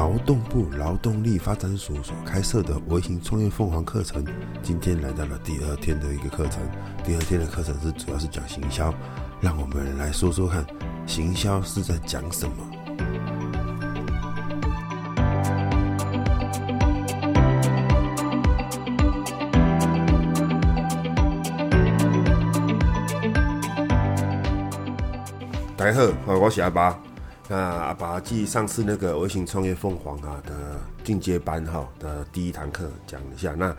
勞動部勞動力發展署所開設的微型創業鳳凰課程，今天來到了第二天的一個課程。第二天的課程是主要是講行銷，讓我們來說說看，行銷是在講什麼？大家好，我是阿拔。那阿拔，繼上次那個《微型創業鳳凰》啊的進階班哈的第一堂課講一下。那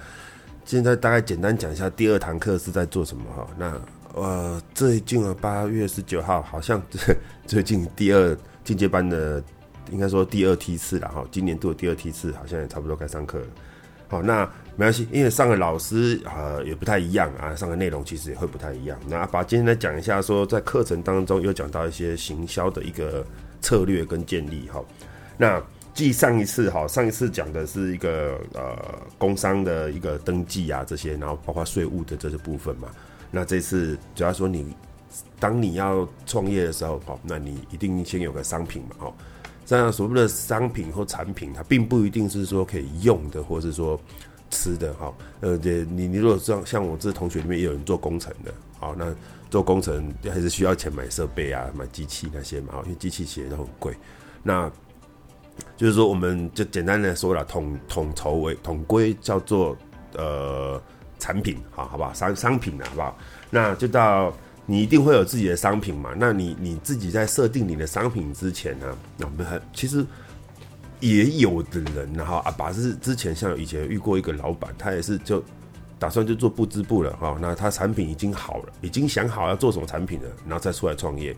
現在大概簡單講一下第二堂課是在做什麼哈。那呃，最近啊八月十九號好像最近第二進階班的應該說第二梯次了哈，今年度的第二梯次好像也差不多該上課了。好，那沒關係，因為上個老師啊也不太一樣啊，上個內容其實也會不太一樣。那阿拔今天來講一下，說在課程當中又講到一些行銷的一個。策略跟建立哈，那繼上一次哈，上一次講的是一個呃工商的一個登記啊這些，然後包括稅務的這些部分嘛。那這次主要說你當你要創業的時候，好，那你一定先有個商品嘛，好。像所謂的商品或產品，它並不一定是說可以用的，或是說。吃的哈、哦，呃，你你如果像像我這同學裡面也有人做工程的，好、哦，那做工程還是需要錢買設備啊，買機器那些嘛，因為機器其實都很貴。那，就是說，我們就簡單的說了統統籌為統歸叫做呃產品，好，好不好？商商品的、啊、好不好？那就到你一定會有自己的商品嘛，那你你自己在設定你的商品之前呢、啊，那我們還其實。也有的人，然後阿拔，是之前像以前遇過一個老闆，他也是就打算就做不織布了哈、哦。那他產品已經好了，已經想好要做什麼產品了，然後再出來創業。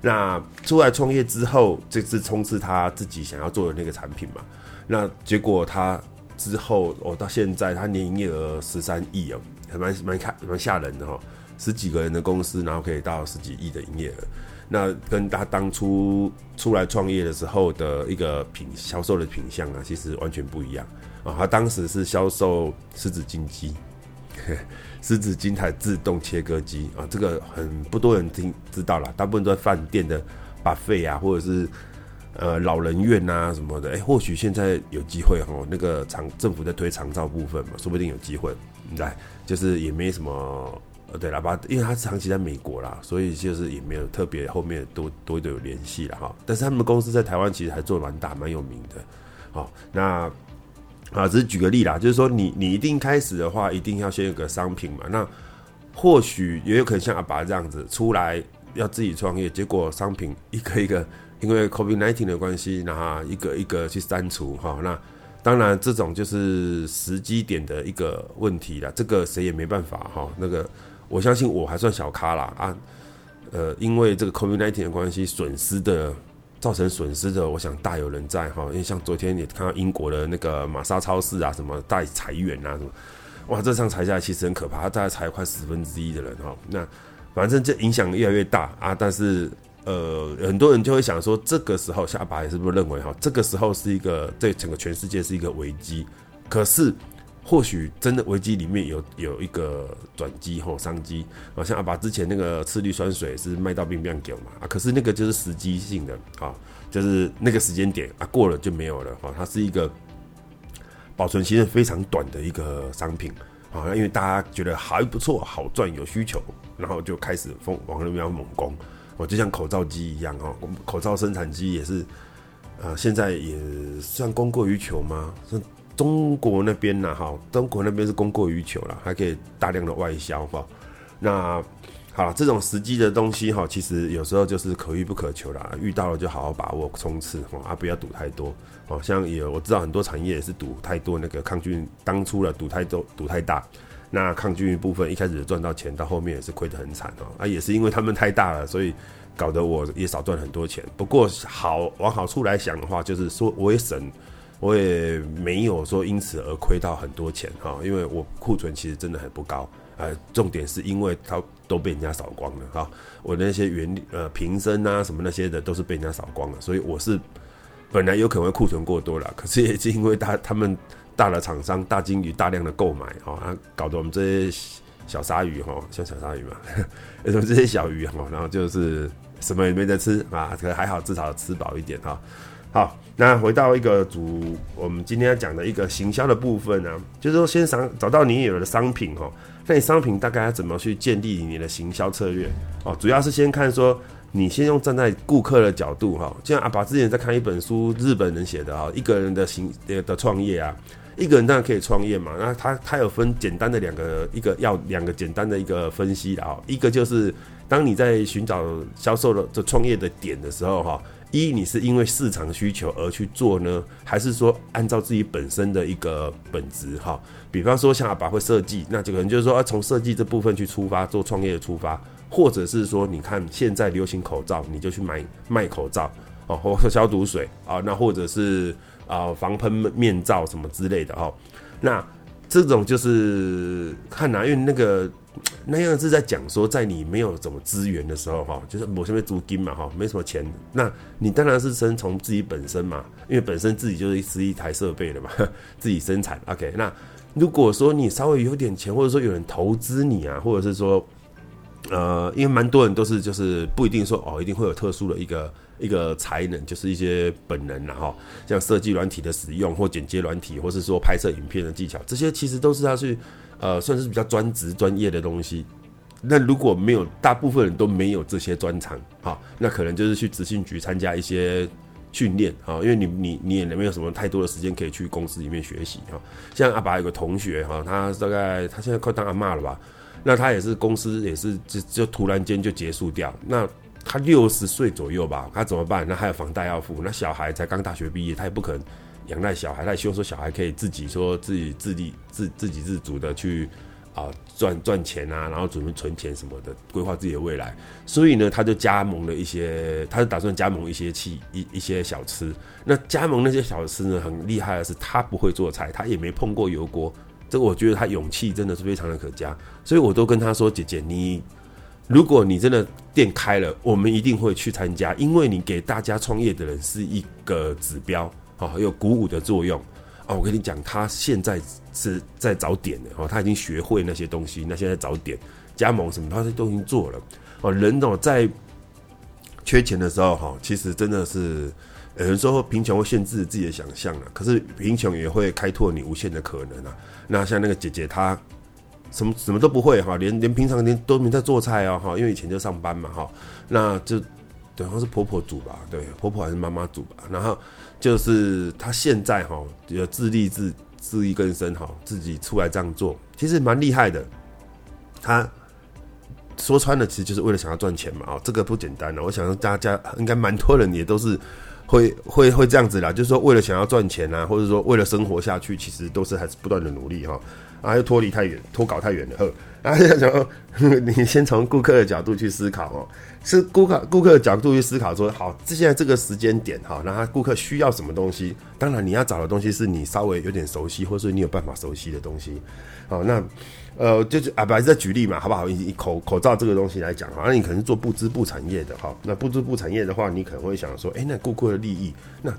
那出來創業之後，這次衝刺他自己想要做的那個產品嘛？那結果他之後，我、哦，到現在他年營業額十三億哦，還蠻還蠻看蠻嚇人的哈、哦，十幾個人的公司，然後可以到十幾億的營業額。那跟他當初出來創業的時候的一個品銷售的品項啊，其實完全不一樣啊、哦。他當時是銷售濕紙巾機，濕紙巾台自動切割機啊、哦，這個很不多人聽知道了，大部分都在飯店的把費啊，或者是呃老人院啊什麼的。哎，或許現在有機會哈，那個長政府在推長照部分嘛，說不定有機會。來，就是也沒什麼。對了，爸，因為他是長期在美國啦，所以就是也沒有特別後面多多都有聯繫了哈。但是他們公司在台灣其實還做蠻大、蠻有名的。好、哦，那啊，只是舉個例啦，就是說你你一定開始的話，一定要先有個商品嘛。那或許也有可能像阿爸這樣子出來要自己創業，結果商品一個一個因為 COVID-19 的關係，然後一個一個去刪除哈、哦。那當然這種就是時機點的一個問題啦，這個誰也沒辦法哈、哦。那個。我相信我還算小咖啦，啊，呃，因為這個 COVID-19 的關係，損失的造成損失的，我想大有人在哈。因為像昨天也看到英國的那個瑪莎超市啊，什麼大裁，裁員啊，什麼，哇，這場裁下來其實很可怕，他大概裁快十分之一的人哈。那反正這影響越來越大啊，但是呃，很多人就會想說，這個時候阿拔也是不是認為哈，這個時候是一個對整個全世界是一個危機，可是。或許真的危機裡面有有一個轉機或商機好，啊，像阿爸之前那個次氯酸水是賣到冰點狗嘛啊，可是那個就是時機性的啊，就是那個時間點啊，過了就沒有了啊，它是一個保存期間非常短的一個商品啊，啊，因為大家覺得還不錯，好賺，有需求，然後就開始瘋往那邊猛攻。我，啊，就像口罩機一樣啊，我們口罩生產機也是啊，現在也算供過於求嗎？中國那邊呢？哈，中國那邊是供過於求了，還可以大量的外銷哈、喔。那好，這種時機的東西哈，其實有時候就是可遇不可求了，遇到了就好好把握衝刺、喔、啊，不要賭太多好、喔、像也我知道很多產業也是賭太多那個抗菌，當初了賭太多賭太大，那抗菌部分一開始賺到錢，到後面也是虧得很慘哦、喔。啊，也是因為他們太大了，所以搞得我也少賺很多錢。不過好往好處來想的話，就是說我也省。我也沒有說因此而虧到很多錢哈，因為我庫存其實真的很不高，呃，重點是因為它都被人家掃光了哈、哦，我那些原理呃瓶身啊什麼那些的都是被人家掃光了，所以我是本來有可能會庫存過多了，可是也是因為大他，他們大的廠商大鯨魚大量的購買哈，哦啊、搞得我們這些小鯊魚哈、哦，像小鯊魚嘛，為什麼這些小魚哈、哦，然後就是什麼也沒得吃啊，還好至少吃飽一點哈。哦好，那回到一個主，我們今天要講的一個行銷的部分呢、啊，就是說先找找到你有的商品哈、喔，那你商品大概要怎麼去建立你的行銷策略哦、喔？主要是先看說，你先用站在顧客的角度哈、喔，就像阿拔之前在看一本書，日本人寫的哈、喔，一個人的行的創業啊，一個人當然可以創業嘛，那他他有分簡單的兩個，一個要兩個簡單的一個分析的啊、喔，一個就是當你在尋找銷售的這創業的點的時候哈、喔。一，你是因為市場需求而去做呢，還是說按照自己本身的一個本職哈？比方說像阿拔會設計，那這個人就是說從設計這部分去出發做創業的出發，或者是說你看現在流行口罩，你就去買賣口罩哦，或者消毒水啊，那或者是啊防噴面罩什麼之類的哈。那這種就是看哪、啊，因為那個。那樣是在講說，在你沒有什麼資源的時候，哈，就是我現在租金嘛，哈，沒什麼錢，那你當然是先從自己本身嘛，因為本身自己就是是一,一台設備的嘛，自己生產。OK，那如果說你稍微有點錢，或者說有人投資你啊，或者是說，呃，因為蠻多人都是就是不一定說哦，一定會有特殊的一個一個才能，就是一些本能了、啊、哈，像設計軟體的使用或剪接軟體，或是說拍攝影片的技巧，這些其實都是要去。呃，算是比較專職專業的東西。那如果沒有，大部分人都沒有這些專長，哈、哦，那可能就是去職訓局參加一些訓練，哈、哦，因為你你你也沒有什麼太多的時間可以去公司裡面學習，哈、哦。像阿拔有個同學，哈、哦，他大概他現在快當阿媽了吧？那他也是公司也是就就突然間就結束掉，那他六十歲左右吧，他怎麼辦？那還有房貸要付，那小孩才剛大學畢業，他也不可能。養大小孩，他也希望說小孩可以自己說自己自立自自給自足的去啊賺賺錢啊，然後準備存錢什麼的，規劃自己的未來。所以呢，他就加盟了一些，他就打算加盟一些器一一些小吃。那加盟那些小吃呢，很厲害的是他不會做菜，他也沒碰過油鍋。這個我覺得他勇氣真的是非常的可嘉。所以，我都跟他說：“姐姐你，你如果你真的店開了，我們一定會去參加，因為你給大家創業的人是一個指標。”哦，有鼓舞的作用，哦、啊，我跟你講，他現在是在找點的哦，他已經學會那些東西，那現在找點加盟什麼，他都都已經做了哦。人哦，在缺錢的時候哈、哦，其實真的是有時候貧窮會限制自己的想象了，可是貧窮也會開拓你無限的可能啊。那像那個姐姐她什麼什麼都不會哈、哦，連連平常連都沒在做菜哦，哈、哦，因為以前就上班嘛哈、哦，那就等於是婆婆煮吧，對，婆婆還是媽媽煮吧，然後。就是他現在哈、哦，有自立自自力更生哈、哦，自己出來這樣做，其實蠻厲害的。他說穿了，其實就是為了想要賺錢嘛啊、哦，這個不簡單了。我想說大家應該蠻多人也都是會會會這樣子啦，就是說為了想要賺錢啊，或者說為了生活下去，其實都是還是不斷的努力哈、哦。啊，又脫離太遠，脫稿太遠了。啊，然後就想說，你先從顧客的角度去思考哦，是顧客顧客的角度去思考，思考說好，這現在這個時間點哈，然後顧客需要什麼東西？當然，你要找的東西是你稍微有點熟悉，或是你有辦法熟悉的東西。好，那呃，就是啊，本來是在舉例嘛，好不好？以口口罩這個東西來講，哈，那你可能是做不織布產業的哈，那不織布產業的話，你可能會想說，哎、欸，那顧客的利益那。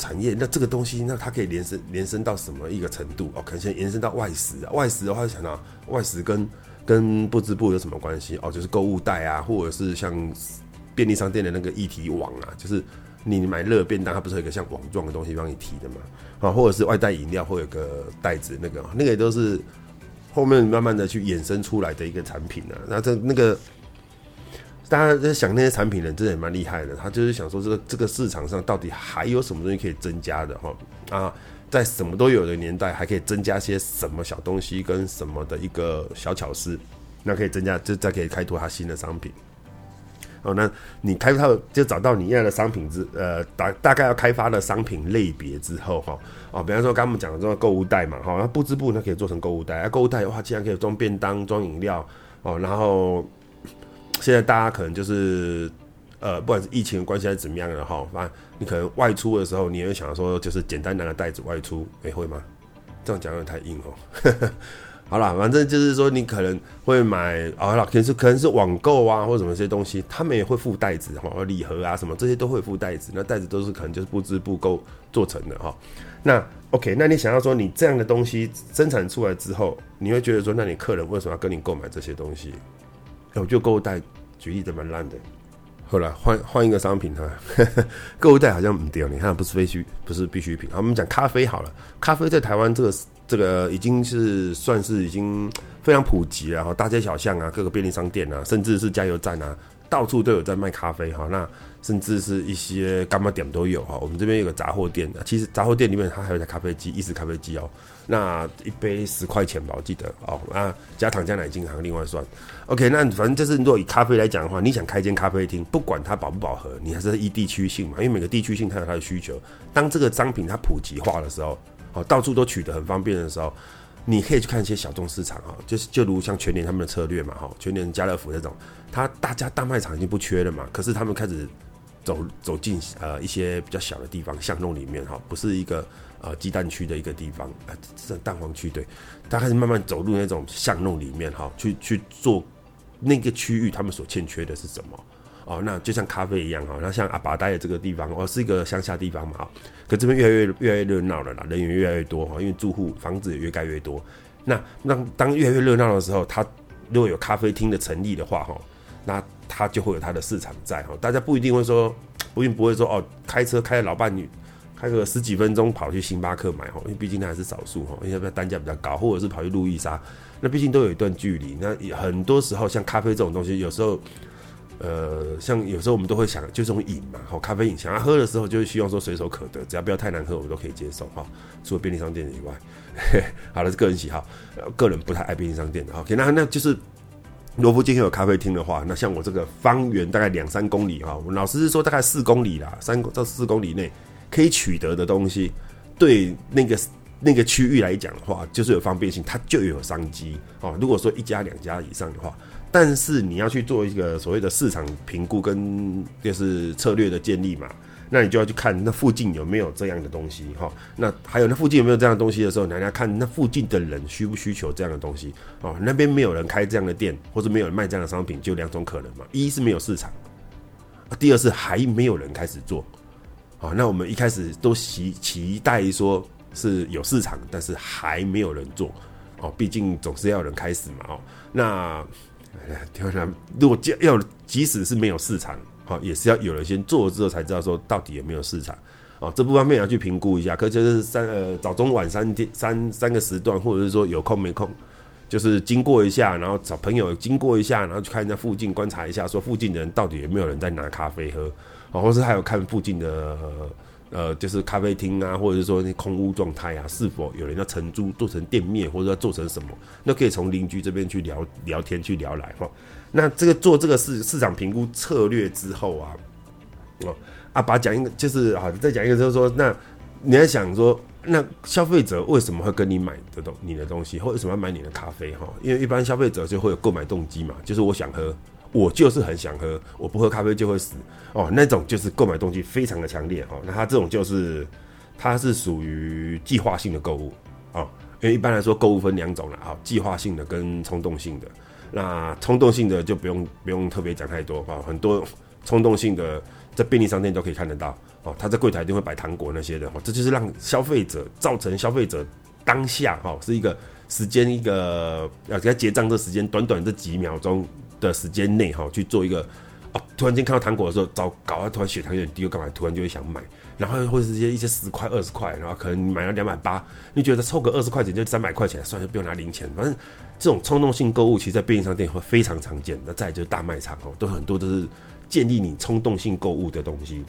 產業那這個東西，那它可以延伸延伸到什麼一個程度哦？可能先延伸到外食、啊，外食的話就想到外食跟跟不織布有什麼關係哦？就是購物袋啊，或者是像便利商店的那個一體網啊，就是你買熱便當，它不是有一個像網狀的東西幫你提的嘛？啊、哦，或者是外帶飲料，或有一個袋子，那個那個也都是後面慢慢的去衍生出來的一個產品啊。那這那個。大家在想那些產品人，真的也蠻厲害的。他就是想說，這個這個市場上到底還有什麼東西可以增加的哈？啊，在什麼都有的年代，還可以增加些什麼小東西跟什麼的一個小巧思，那可以增加，就再可以開拓它新的商品。哦，那你開拓就找到你要的商品之呃大大概要開發的商品類別之後哈，哦，比方說剛剛我們講的這個購物袋嘛哈、哦，那不織布，那可以做成購物袋，購、啊、物袋的話，既然可以裝便當、裝飲料，哦，然後。現在大家可能就是，呃，不管是疫情關係還是怎麼樣的哈，反正你可能外出的時候，你也會想說，就是簡單拿個袋子外出，哎、欸，會嗎？這樣講有點太硬哦。 好啦，反正就是說，你可能會買，好啦可能是，可能是網購啊，或者什麼這些東西，他們也會附袋子哈，或禮盒啊什麼這些都會附袋子，那袋子都是可能就是不織布購做成的哈。那 OK，那你想要說，你這樣的東西生產出來之後，你會覺得說，那你客人為什麼要跟你購買這些東西？哎、欸，我覺得購物袋，舉例的蠻爛的。好了，換換一個商品哈，購物袋好像不對。你看，不是必需，不是必需品。好，我們講咖啡好了。咖啡在台灣這個這個已經是算是已經非常普及然後，大街小巷啊，各個便利商店啊，甚至是加油站啊。到處都有在賣咖啡哈，那甚至是一些干巴店都有哈。我們這邊有個雜貨店，其實雜貨店裡面它還有一台咖啡機，意式咖啡機哦。那一杯十塊錢吧，我記得哦。那加糖加奶精還要另外算。OK，那反正就是如果以咖啡來講的話，你想開間咖啡廳，不管它飽不飽和，你還是依地區性嘛，因為每個地區性它有它的需求。當這個商品它普及化的時候，哦，到處都取得很方便的時候。你可以去看一些小眾市場啊，就是就如像全年他們的策略嘛哈，全年家樂福這種，他大家大賣場已經不缺了嘛，可是他們開始走走進呃一些比較小的地方巷弄裡面哈，不是一個呃雞蛋區的一個地方，這、呃、蛋黃區對，他開始慢慢走入那種巷弄裡面哈，去去做那個區域他們所欠缺的是什麼。哦，那就像咖啡一樣哈、哦，那像阿拔待的這個地方哦，是一個鄉下地方嘛哈、哦，可這邊越來越越來越熱鬧了啦，人員越來越多哈、哦，因為住戶房子也越蓋越多，那那當越來越熱鬧的時候，它如果有咖啡廳的成立的話哈、哦，那它就會有它的市場在哈、哦，大家不一定會說，不用不會說哦，開車開老半里，開個十幾分鐘跑去星巴克買哈、哦，因為畢竟它還是少數哈，因為它單價比較高，或者是跑去路易莎，那畢竟都有一段距離，那也很多時候像咖啡這種東西，有時候。呃，像有時候我們都會想，就這種癮嘛，哈，咖啡癮，想要喝的時候就是希望說隨手可得，只要不要太難喝，我們都可以接受，哈、哦。除了便利商店以外，嘿好了，是個人喜好，個人不太愛便利商店的、哦、，OK，那那就是，如果今天有咖啡廳的話，那像我這個方圓大概兩三公里，哈、哦，我老實是說大概四公里啦，三到四公里內可以取得的東西，對那個那個區域來講的話，就是有方便性，它就有商機，哦。如果說一家兩家以上的話。但是你要去做一個所謂的市場評估，跟就是策略的建立嘛，那你就要去看那附近有沒有這樣的東西哈。那還有那附近有沒有這樣的東西的時候，你要看那附近的人需不需求這樣的東西哦。那邊沒有人開這樣的店，或是沒有人賣這樣的商品，就兩種可能嘛。一是沒有市場，第二是還沒有人開始做。啊，那我們一開始都期期待說是有市場，但是還沒有人做哦。畢竟總是要有人開始嘛哦。那哎呀，當然，如果要，即使是沒有市場，好，也是要有人先做了之後才知道說到底有沒有市場，哦，這部分也要去評估一下。可就是三呃早中晚三天三三個時段，或者是說有空沒空，就是經過一下，然後找朋友經過一下，然後去看一下附近，觀察一下說附近的人到底有沒有人在拿咖啡喝，哦，或是還有看附近的。呃呃，就是咖啡廳啊，或者是說那空屋狀態啊，是否有人要承租做成店面，或者要做成什麼？那可以從鄰居這邊去聊聊天，去聊來哈、哦。那這個做這個市市場評估策略之後啊，哦，阿、啊、拔講一個，就是好，再講一個就是說，那你要想說，那消費者為什麼會跟你買你的東你的東西，或者為什麼要買你的咖啡？哈、哦，因為一般消費者就會有購買動機嘛，就是我想喝。我就是很想喝，我不喝咖啡就會死哦。那種就是購買動機非常的強烈哦。那它這種就是，它是屬於計劃性的購物哦。因為一般來說，購物分兩種了啊，計劃性的跟衝動性的。那衝動性的就不用不用特別講太多啊、哦。很多衝動性的在便利商店都可以看得到哦。他在櫃檯都會擺糖果那些的哦。這就是讓消費者造成消費者當下哈、哦、是一個時間一個要給他結賬的時間短短這幾秒鐘的時間內哈去做一個，哦、突然間看到糖果的時候，糟糕啊，突然血糖有點低又幹嘛？突然就會想買，然後或者一些一些十塊二十塊，然後可能買了兩百八，你覺得湊個二十塊錢就三百塊錢，算了，不用拿零錢。反正這種衝動性購物，其實在便利商店會非常常見。那再就是大賣場哦，都很多都是建立你衝動性購物的東西，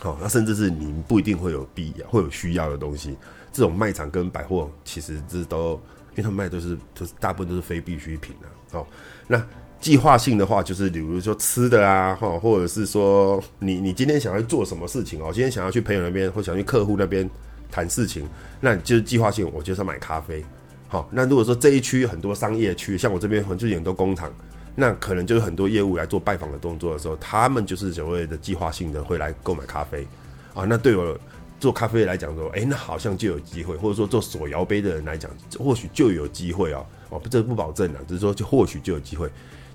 好、哦，那甚至是你不一定會有必要、會有需要的東西。這種賣場跟百貨，其實這都，因為他們賣都是都、就是大部分都是非必需品啊。哦，那。計劃性的話，就是比如說吃的啊，或者是說你你今天想要做什麼事情哦？今天想要去朋友那邊，或想去客戶那邊談事情，那就是計劃性。我就是要買咖啡，好、哦。那如果說這一區很多商業區，像我這邊很就有很多工廠，那可能就是很多業務來做拜訪的動作的時候，他們就是所謂的計劃性的會來購買咖啡啊、哦。那對我做咖啡來講說，誒，那好像就有機會，或者說做鎖搖杯的人來講，或許就有機會啊、哦。哦，這不保證了，只是說就或許就有機會。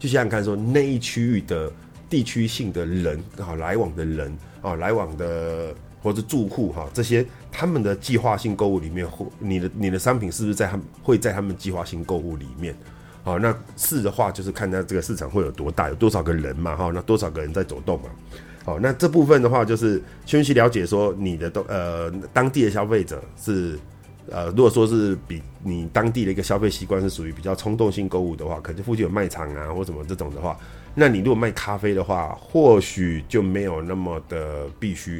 就想想看說，說那一區域的地區性的人好來往的人啊、哦，來往的或者住戶哈、哦，這些他們的計劃性購物裡面，或你的你的商品是不是在他們會在他們計劃性購物裡面？好、哦，那是的話就是看它這個市場會有多大，有多少個人嘛？哈、哦，那多少個人在走動嘛？好、哦，那這部分的話就是先去了解說你的都呃當地的消費者是。呃，如果說是比你當地的一個消費習慣是屬於比較衝動性購物的話，可能就附近有賣場啊或什麼這種的話，那你如果賣咖啡的話，或許就沒有那麼的必須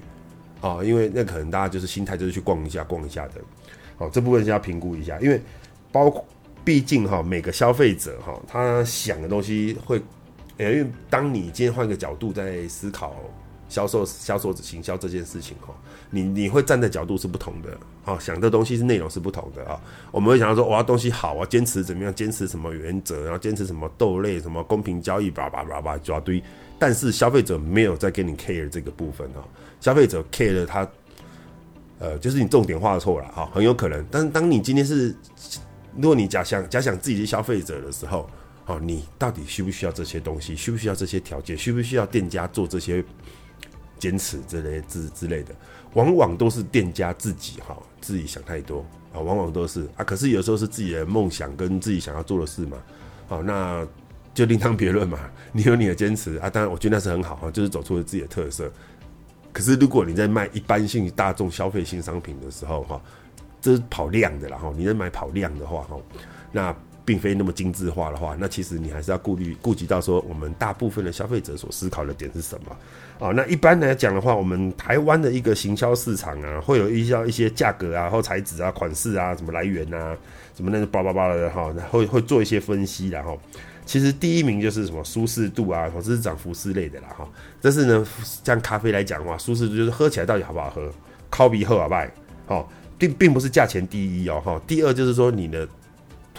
啊、哦，因為那可能大家就是心態就是去逛一下逛一下的，好、哦，這部分是要評估一下，因為包括畢竟哈、哦、每個消費者哈、哦、他想的東西會、哎，因為當你今天換個角度在思考。銷售、銷售、行銷這件事情哦，你你會站在角度是不同的哦，想的東西是內容是不同的啊、哦。我們會想到說，我要東西好啊，堅持怎麼樣，堅持什麼原則，然後堅持什麼豆類，什麼公平交易，叭叭叭叭抓堆。但是消費者沒有在跟你 care 這個部分哦，消費者 care 了他，呃，就是你重點畫錯了哈，很有可能。但是當你今天是，如果你假想假想自己是消費者的時候，哦，你到底需不需要這些東西？需不需要這些條件？需不需要店家做這些？堅持之類之之類的，往往都是店家自己哈、哦，自己想太多啊、哦，往往都是啊。可是有時候是自己的夢想跟自己想要做的事嘛，好、哦，那就另當別論嘛。你有你的堅持啊，當然我覺得那是很好哈、哦，就是走出了自己的特色。可是如果你在賣一般性大眾消費性商品的時候哈、哦，這是跑量的了哈、哦。你在買跑量的話哈、哦，那並非那麼精致化的話，那其實你還是要顧慮顧及到說，我們大部分的消費者所思考的點是什麼。哦，那一般來講的話，我們台灣的一個行銷市場啊，會有一些一些價格啊，或材質啊、款式啊、什麼來源啊，什麼那個叭叭叭的哈，會會做一些分析啦，然後其實第一名就是什麼舒適度啊，或者是服飾之類的啦哈。但是呢，像咖啡來講的話，舒適度就是喝起來到底好不好喝，靠鼻喝好不好？哦，並並不是價錢第一哦哈，第二就是說你的，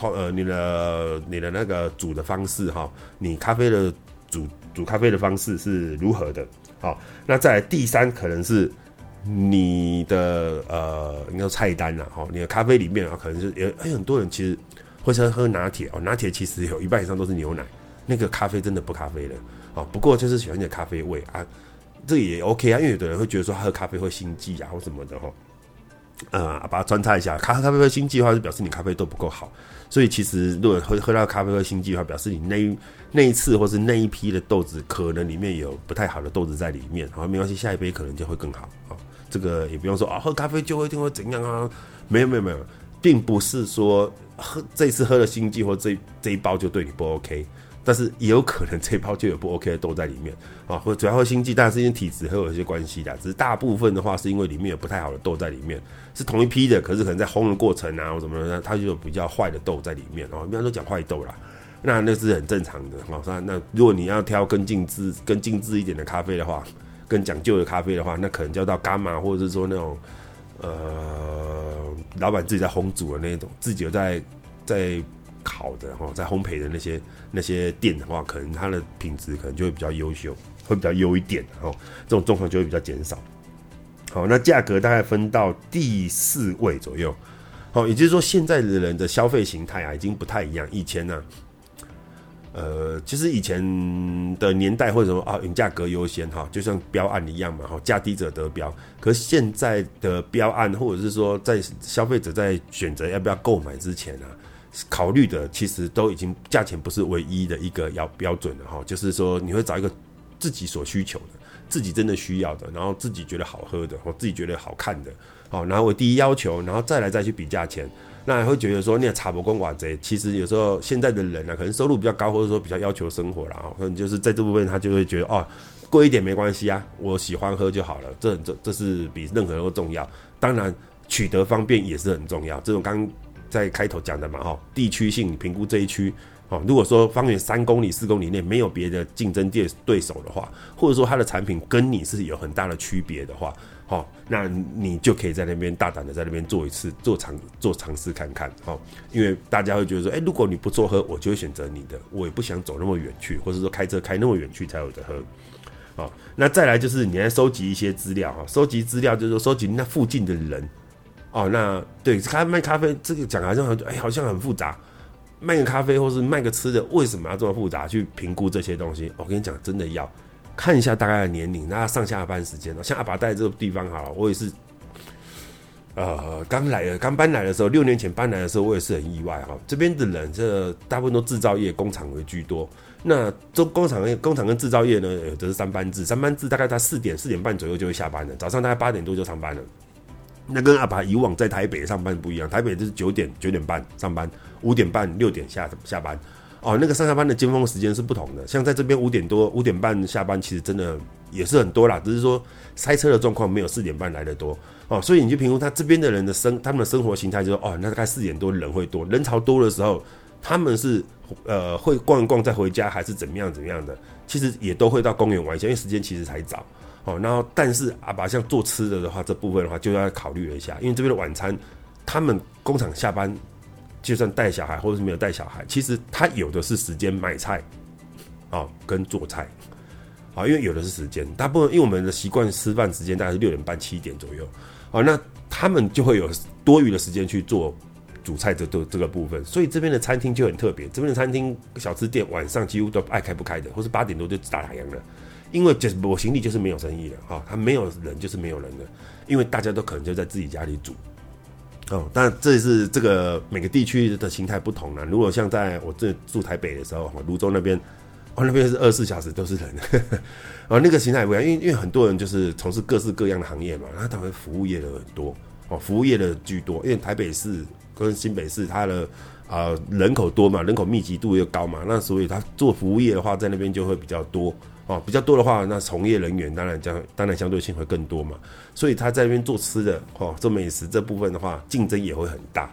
呃，你的你的那個煮的方式哈，你咖啡的煮煮咖啡的方式是如何的？好，那在第三可能是你的呃，你說菜單吶、啊，吼、哦，你的咖啡裡面啊，可能是也、欸，很多人其實會喝喝拿鐵哦，拿鐵其實有一半以上都是牛奶，那個咖啡真的不咖啡的，哦，不過就是喜歡你的咖啡味啊，這也 OK 啊，因為有的人會覺得說喝咖啡會心悸啊或什麼的吼。哦呃，把它穿插一下，咖啡會心悸的話是表示你咖啡豆不夠好，所以其實如果喝喝到咖啡會心悸的話，表示你那那一次或是那一批的豆子可能裡面有不太好的豆子在裡面，好沒關係，下一杯可能就會更好啊、哦。這個也不用說哦，喝咖啡就會一定會怎樣啊？沒有沒有沒有，並不是說喝這次喝了心悸或這這一包就對你不 OK。但是也有可能這一包就有不 OK 的豆在裡面啊，或、哦、主要和心機，但是因為體質也有一些關係的，只是大部分的話是因為裡面有不太好的豆在裡面，是同一批的，可是可能在烘的過程啊或什麼的，它就有比較壞的豆在裡面哦。一般都講壞豆啦，那那是很正常的。哈、哦，那如果你要挑更精緻、更精緻一點的咖啡的話，更講究的咖啡的話，那可能就要到 Gamma 或者是說那種呃，老闆自己在烘煮的那種，自己在在。在烤的哈，在烘焙的那些那些店的話，可能它的品質可能就會比較優秀，會比較優一點，然後這種狀況就會比較減少。好，那價格大概分到第四位左右。好，也就是說現在的人的消費形態啊，已經不太一樣。以前呢，呃，其實以前的年代或者什麼啊，價格優先哈，就像標案一樣嘛，哈，價低者得標。可是現在的標案，或者是說在消費者在選擇要不要購買之前啊。考慮的其實都已經，價錢不是唯一的一個要標準了哈。哦，就是說你會找一個自己所需求的，自己真的需要的，然後自己覺得好喝的，我自己覺得好看的，好、哦，然後我第一要求，然後再來再去比價錢，那還會覺得說那茶差不光寡賊。其實有時候現在的人呢、啊，可能收入比較高，或者說比較要求生活了，可、哦、能就是在這部分他就會覺得哦，貴一點沒關係啊，我喜歡喝就好了，這這這是比任何都重要。當然取得方便也是很重要，這種剛。在開頭講的嘛，哈，地區性評估這一區，哦，如果說方圓三公里，四公里內沒有別的競爭對對手的話，或者說它的產品跟你是有很大的區別的話，哈，那你就可以在那邊大膽的在那邊做一次做嘗做嘗試看看，哈，因為大家會覺得說，誒、欸，如果你不做喝，我就會選擇你的，我也不想走那麼遠去，或者說開車開那麼遠去才有得喝，啊，那再來就是你來收集一些資料哈，收集資料就是說收集那附近的人。哦，那對，他賣咖啡這個講來，好像哎，好像很複雜。賣個咖啡或是賣個吃的，為什麼要這麼複雜去評估這些東西？我、哦、跟你講，真的要看一下大概的年齡，那上下班時間呢？像阿拔待在這個地方，哈，我也是，呃，剛來了，剛搬來的時候，六年前搬來的時候，我也是很意外哈、哦。這邊的人，這大部分都制造業工廠為居多。那中工廠、工廠跟製造業呢，有、呃、的、就是三班制，三班制大概在四點、四點半左右就會下班了，早上大概八點多就上班了。那跟阿爸以往在台北上班不一樣，台北就是九點九點半上班，五點半六點下下班，哦，那個上下班的尖峰時間是不同的。像在這邊五點多五點半下班，其實真的也是很多啦，只是說塞車的狀況沒有四點半來得多哦。所以你就評估他這邊的人的生，他們的生活形態就是說哦，那大概四點多人會多，人潮多的時候，他們是呃會逛一逛再回家，還是怎麼樣怎麼樣的？其實也都會到公園玩一下，因為時間其實才早。哦，然後但是啊，把像做吃的的話，這部分的話就要考慮了一下，因為這邊的晚餐，他們工廠下班，就算帶小孩或者是沒有帶小孩，其實他有的是時間買菜，啊、哦，跟做菜，啊、哦，因為有的是時間，大部分因為我們的習慣吃飯時間大概是六點半七點左右，啊、哦，那他們就會有多餘的時間去做煮菜這這這個部分，所以這邊的餐廳就很特別，這邊的餐廳小吃店晚上幾乎都愛開不開的，或是八點多就打，打烊了。因為就我行李就是沒有生意的哈、哦，他沒有人就是沒有人的，因為大家都可能就在自己家裡煮哦。但這是這個每個地區的形態不同了。如果像在我這住台北的時候，瀘、哦、州那邊，哦那邊是二十四小時都是人，呵呵哦那個形態不一樣，因為因為很多人就是從事各式各樣的行業嘛，然後他們服務業的很多哦，服務業的居多，因為台北市跟新北市它的啊、呃、人口多嘛，人口密集度又高嘛，那所以他做服務業的話，在那邊就會比較多。哦，比較多的話，那從業人員當然將當然相對性會更多嘛，所以他在那邊做吃的，哦，做美食這部分的話，競爭也會很大。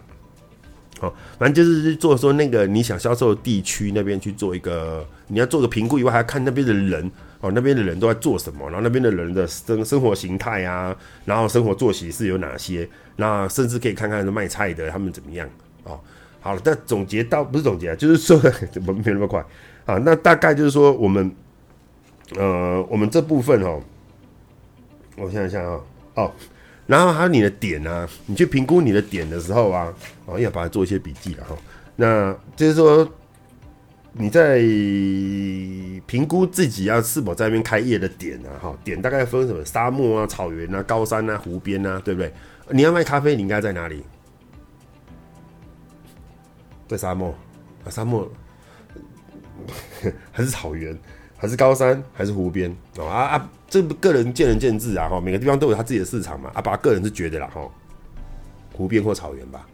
哦。反正就是做說那個你想銷售的地區那邊去做一個，你要做個評估以外，還要看那邊的人，哦，那邊的人都在做什麼，然後那邊的人的生生活形態啊，然後生活作息是有哪些，那甚至可以看看賣菜的他們怎麼樣，哦，好了但總結到不是總結啊，就是說怎麼沒那麼快，啊、哦，那大概就是說我們。呃，我們這部分哦，我想一下啊，哦，然後還有你的點呢、啊，你去評估你的點的時候啊，哦，要把它做一些筆記了哈。那就是說，你在評估自己要、啊、是否在那邊開業的點啊，哈，點大概分什麼？沙漠啊，草原啊，高山啊，湖邊啊，對不對？你要賣咖啡，你應該在哪裡？對，沙漠啊，沙漠 還是草原？還是高山還是湖邊哦啊啊，這個人見仁見智啊哈，每個地方都有他自己的市場嘛。阿拔個人是覺得啦哈、哦，湖邊或草原吧。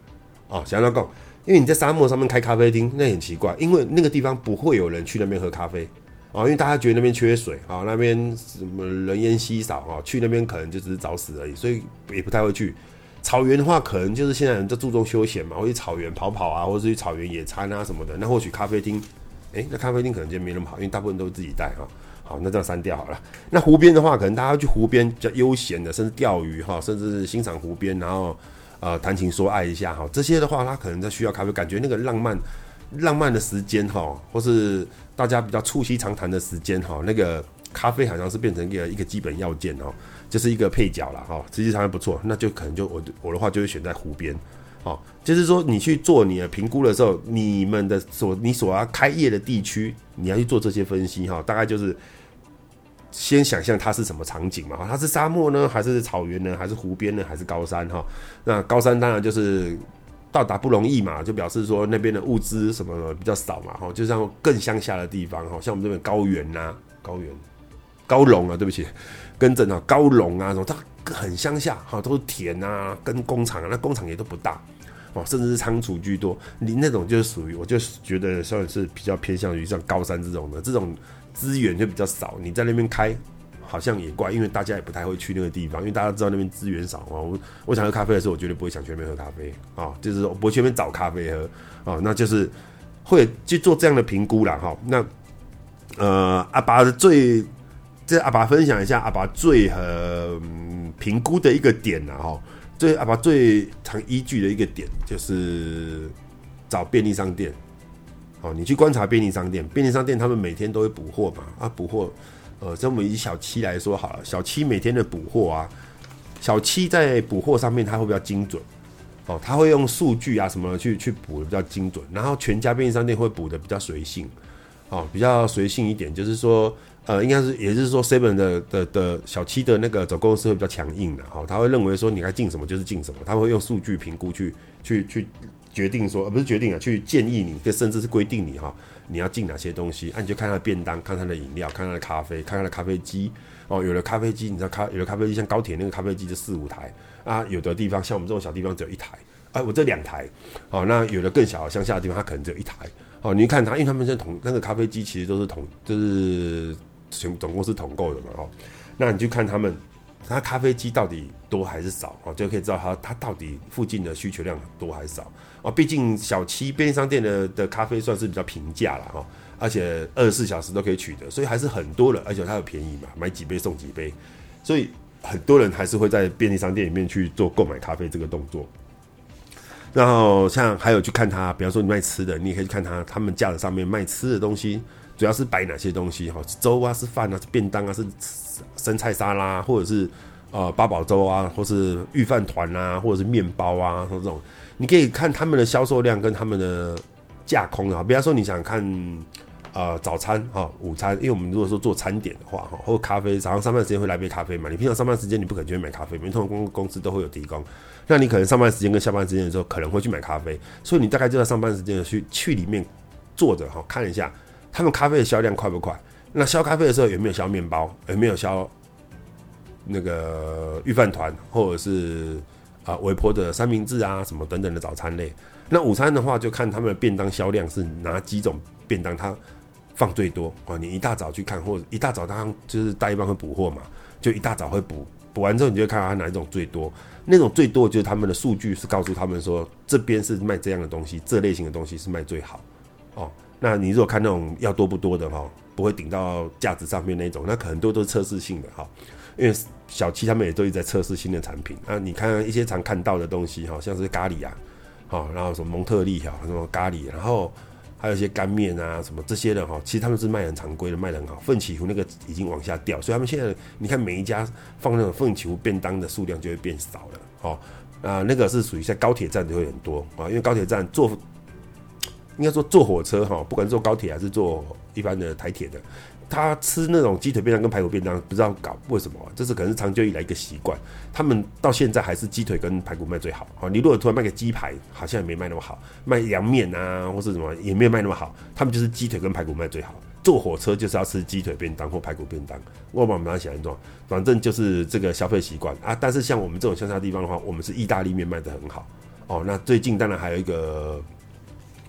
哦，想要講，因為你在沙漠上面開咖啡廳那很奇怪，因為那個地方不會有人去那邊喝咖啡啊、哦，因為大家覺得那邊缺水啊、哦，那邊什麼人煙稀少啊、哦，去那邊可能就只是找死而已，所以也不太會去。草原的話，可能就是現在人在注重休閒嘛，去草原跑跑啊，或者是去草原野餐啊什麼的。那或許咖啡廳。哎，那咖啡廳可能就沒那麼好，因為大部分都是自己帶哈、哦。好，那這樣刪掉好了。那湖邊的話，可能大家去湖邊比較悠閒的，甚至釣魚哈，甚至是欣賞湖邊，然後呃談情說愛一下哈、哦。這些的話，他可能在需要咖啡，感覺那個浪漫浪漫的時間哈、哦，或是大家比較促膝長談的時間哈、哦，那個咖啡好像是變成一個一個基本要件哦，就是一個配角啦。哈、哦。實際上還不錯，那就可能就我我的話就會選在湖邊。哦，就是說你去做你的評估的時候，你們的所你所要開業的地區，你要去做這些分析哈、哦。大概就是先想象它是什麼場景嘛哈、哦，它是沙漠呢，還是草原呢，還是湖邊呢，還是高山哈、哦？那高山當然就是到達不容易嘛，就表示說那邊的物資什麼什麼比較少嘛哈、哦。就像更鄉下的地方哈、哦，像我們這邊高原吶、啊，高原高龍啊，對不起，跟着呢，高龍啊什麼。很鄉下哈，都是田啊，跟工廠啊，那工廠也都不大哦，甚至是倉儲居多。你那種就是屬於，我就覺得算是比較偏向於像高山這種的，這種資源就比較少。你在那邊開，好像也怪，因為大家也不太會去那個地方，因為大家知道那邊資源少嘛。我我想喝咖啡的時候，我絕對不會想去那邊喝咖啡啊，就是我不會去那邊找咖啡喝啊。那就是會去做這樣的評估了哈。那呃，阿拔的最。這阿拔分享一下，阿拔最很評估的一個點吶，哈，最阿拔最常依據的一個點就是找便利商店，哦，你去觀察便利商店，便利商店他們每天都會補貨嘛，啊，補貨，呃，這我們以小七來說，好了，小七每天的補貨啊，小七在補貨上面他會比較精準，哦，他會用數據啊什麼的去去補的比較精準，然後全家便利商店會補的比較隨性，哦，比較隨性一點，就是說。呃，應該是，也就是說，seven 的的的小七的那個走公司會比較強硬的哈，他會認為說你該進什麼就是進什麼，他會用數據評估去去去決定說，而、呃、不是決定啊，去建議你，這甚至是規定你哈，你要進哪些東西，那、啊、你就看他的便當，看他的飲料，看他的咖啡，看他的咖啡機，哦，有的咖啡機，你知道咖有的咖啡機，像高鐵那個咖啡機就四五台，啊，有的地方像我們這種小地方只有一台，啊，我這兩台，哦，那有的更小的鄉下的地方它可能只有一台，哦，你看它，因為他們是同那個咖啡機其實都是同就是。全總共是統購的嘛，哦，那你就看他們，他咖啡機到底多還是少，哦，就可以知道他他到底附近的需求量多還是少，哦，畢竟小七便利商店的的咖啡算是比較平價了，哦，而且二十四小時都可以取得，所以還是很多人，而且它有便宜嘛，買幾杯送幾杯，所以很多人還是會在便利商店裡面去做購買咖啡這個動作。然後像還有去看他，比方說你賣吃的，你也可以去看他他們架子上面賣吃的東西。主要是擺哪些東西哈？粥啊是飯啊，是便當啊是生菜沙拉，或者是呃八寶粥啊，或是御飯糰啊，或者是面包啊，或這種你可以看他們的銷售量跟他們的架空啊。比方說你想看呃早餐哈、哦，午餐，因為我們如果說做餐點的話哈，或咖啡，早上上班時間會來杯咖啡嘛？你平常上班時間你不可能去買咖啡，每通公公司都會有提供，那你可能上班時間跟下班時間的時候可能會去買咖啡，所以你大概就在上班時間去去裡面坐着哈看一下。他們咖啡的銷量快不快？那銷咖啡的時候有沒有銷麵包？有沒有銷那個御飯團，或者是啊、呃、微波的三明治啊什麼等等的早餐類？那午餐的話，就看他們的便當銷量是哪幾種便當，它放最多啊、哦。你一大早去看，或者一大早當就是大一幫會補貨嘛，就一大早會補補完之後，你就會看到它哪一種最多，那種最多就是他們的數據是告訴他們說這邊是賣這樣的東西，這類型的東西是賣最好哦。那你如果看那種要多不多的哈，不會頂到架子上面那種，那很多都是測試性的哈，因為小七他們也都一直在測試新的產品。那你看一些常看到的東西，哈，像是咖喱啊，哈，然後什麼蒙特利哈，什麼咖喱，然後還有一些乾麵啊，什麼這些的哈，其實他們是賣很常規的，賣得很好。奮起湖那個已經往下掉，所以他們現在你看每一家放那種奮起湖便當的數量就會變少了，哦，啊，那個是屬於在高鐵站就會很多啊，因為高鐵站做。應該說坐火車哈，不管坐高鐵還是坐一般的台鐵的，他吃那種雞腿便當跟排骨便當，不知道搞為什麼，這是可能是長久以來一個習慣。他們到現在還是雞腿跟排骨賣最好啊！你如果突然賣個雞排，好像也沒賣那麼好，賣涼麵啊或是什麼也沒有賣那麼好。他們就是雞腿跟排骨賣最好。坐火車就是要吃雞腿便當或排骨便當，我蠻蠻想一種，反正就是這個消費習慣啊。但是像我們這種鄉下地方的話，我們是意大利麵賣的很好哦。那最近當然還有一個。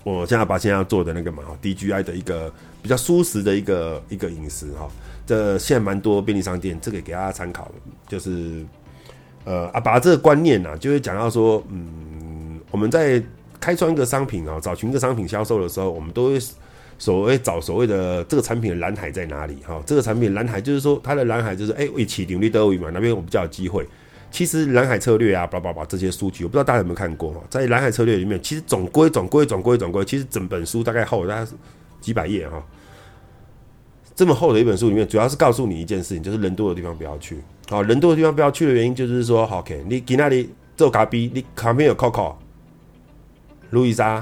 我現在把現在要做的那個嘛，哈，DGI 的一個比較舒適的一個一個飲食哈，這現在蠻多便利商店，這個也給大家參考了，就是，呃啊，阿拔這個觀念吶、啊，就是講到說，嗯，我們在開創一個商品啊，找尋一個商品銷售的時候，我們都會所謂找所謂的這個產品的藍海在哪裡哈，這個產品藍海就是說它的藍海就是哎，一起領域都有嘛，那邊我們比較有機會。其實藍海策略啊，叭叭叭這些書籍，我不知道大家有沒有看過哈。在藍海策略裡面，其實總歸總歸總歸總歸，其實整本書大概厚，大概是幾百頁哈。這麼厚的一本書裡面，主要是告訴你一件事情，就是人多的地方不要去。好，人多的地方不要去的原因就是說，OK，你今天你做咖啡，你旁邊有 Coco、路易莎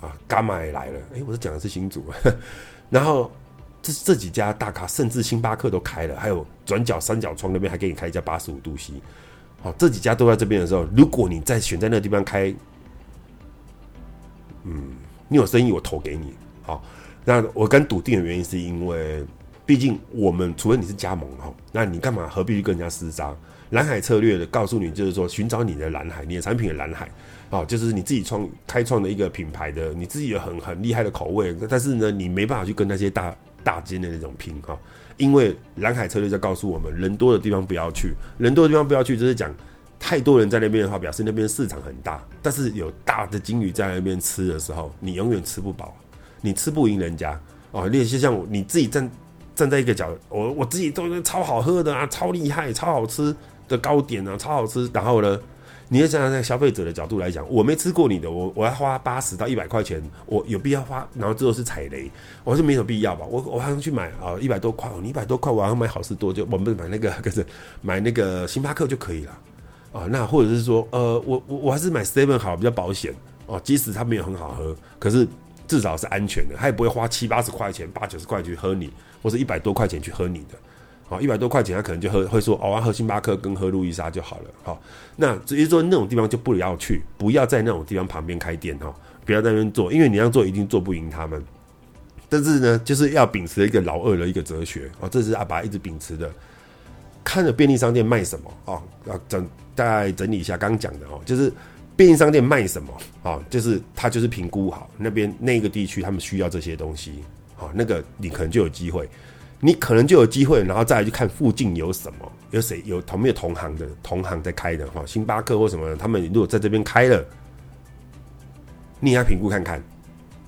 啊，伽馬也來了。哎、欸，我是講的是新主。 然後這這幾家大咖，甚至星巴克都開了，還有轉角三角窗那邊還給你開一家八十五度 C。哦，這幾家都在這邊的時候，如果你再選在那個地方開，嗯，你有生意我投給你。好、哦，那我敢篤定的原因是因為，畢竟我們除了你是加盟哦，那你幹嘛何必去跟人家廝殺？藍海策略的告訴你，就是說尋找你的藍海，你的產品的藍海，哦，就是你自己創開創的一個品牌的，你自己有很很厲害的口味，但是呢，你沒辦法去跟那些大。大金的那種拼哈，因為藍海策略在告訴我們，人多的地方不要去，人多的地方不要去，就是講太多人在那邊的話，表示那邊市場很大，但是有大的鯨魚在那邊吃的時候，你永遠吃不飽，你吃不贏人家哦。那些像我你自己站站在一個角，我我自己都是超好喝的啊，超厲害，超好吃的糕點啊，超好吃，然後呢？你要站在消費者的角度來講，我沒吃過你的，我我要花八十到一百塊錢，我有必要花，然後最後是踩雷，我是沒有必要吧？我我還要去買啊，一、呃、百多塊、哦，你一百多塊，我要買好事多就，我們不是買那個可是買那個星巴克就可以了啊、呃。那或者是說，呃，我我我還是買 seven 好，比較保險哦、呃。即使它沒有很好喝，可是至少是安全的，他也不會花七八十塊錢、八九十塊去喝你，或者一百多塊錢去喝你的。好、哦，一百多塊錢，他可能就喝，會說，哦，啊、喝星巴克跟喝路易莎就好了。好、哦，那至於說那種地方就不要去，不要在那種地方旁邊開店哈、哦，不要在那邊做，因為你要做一定做不贏他們。但是呢，就是要秉持一個老二的一個哲學啊、哦，這是阿爸一直秉持的。看着便利商店賣什麼啊？啊、哦、整、大概整理一下剛講的哦，就是便利商店賣什麼啊、哦？就是他就是評估好那邊那個地區他們需要這些東西啊、哦，那個你可能就有機會。你可能就有機會，然後再去看附近有什麼，有誰有同沒有同行的同行在開的哈、哦，星巴克或什麼的，他們如果在這邊開了，你應該評估看看，啊、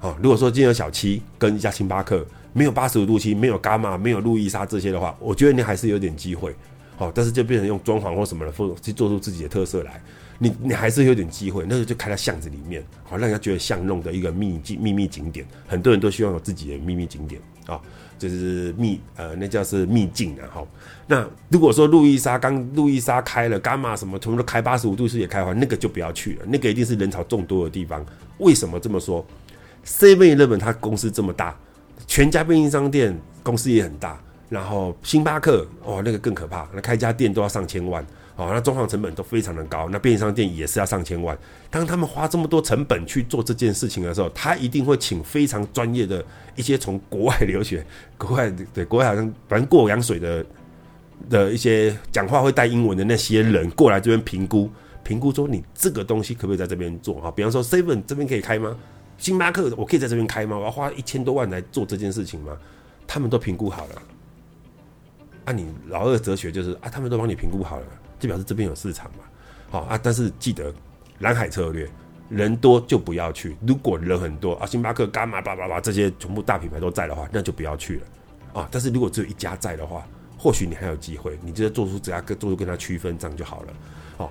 哦，如果說今天有小七跟一家星巴克沒有八十五度七，沒有伽馬，沒有，ma, 沒有路易莎這些的話，我覺得你還是有點機會，好、哦，但是就變成用裝潢或什麼的，或去做出自己的特色來，你你還是有點機會，那個就開在巷子裡面，好、哦，讓人家覺得巷弄的一個秘秘秘密景點，很多人都希望有自己的秘密景點啊。哦就是祕呃，那叫是祕境、啊，然後那如果說路易莎剛路易莎開了伽馬什麼，全部都開八十五度，視野開完，那個就不要去了，那個一定是人潮眾多的地方。為什麼這麼說？7-11日本，它公司這麼大，全家便利商店公司也很大，然後星巴克哦，那個更可怕，那開家店都要上千萬。哦，那中行成本都非常的高，那便利商店也是要上千萬。當他們花這麼多成本去做這件事情的時候，他一定會請非常專業的一些從國外留學、國外對國外好像反正過洋水的的一些講話會帶英文的那些人過來這邊評估，評估說你這個東西可不可以在這邊做啊、哦？比方說 seven 這邊可以開嗎？星巴克我可以在這邊開嗎？我要花一千多萬來做這件事情嗎？他們都評估好了。啊，你老二哲學就是啊，他們都幫你評估好了。就表示這邊有市場嘛，好、哦、啊，但是記得，藍海策略，人多就不要去。如果人很多啊，星巴克、咖瑪巴巴巴這些全部大品牌都在的話，那就不要去了啊、哦。但是如果只有一家在的話，或許你還有機會，你直接做出只要做出跟他區分，這樣就好了。哦，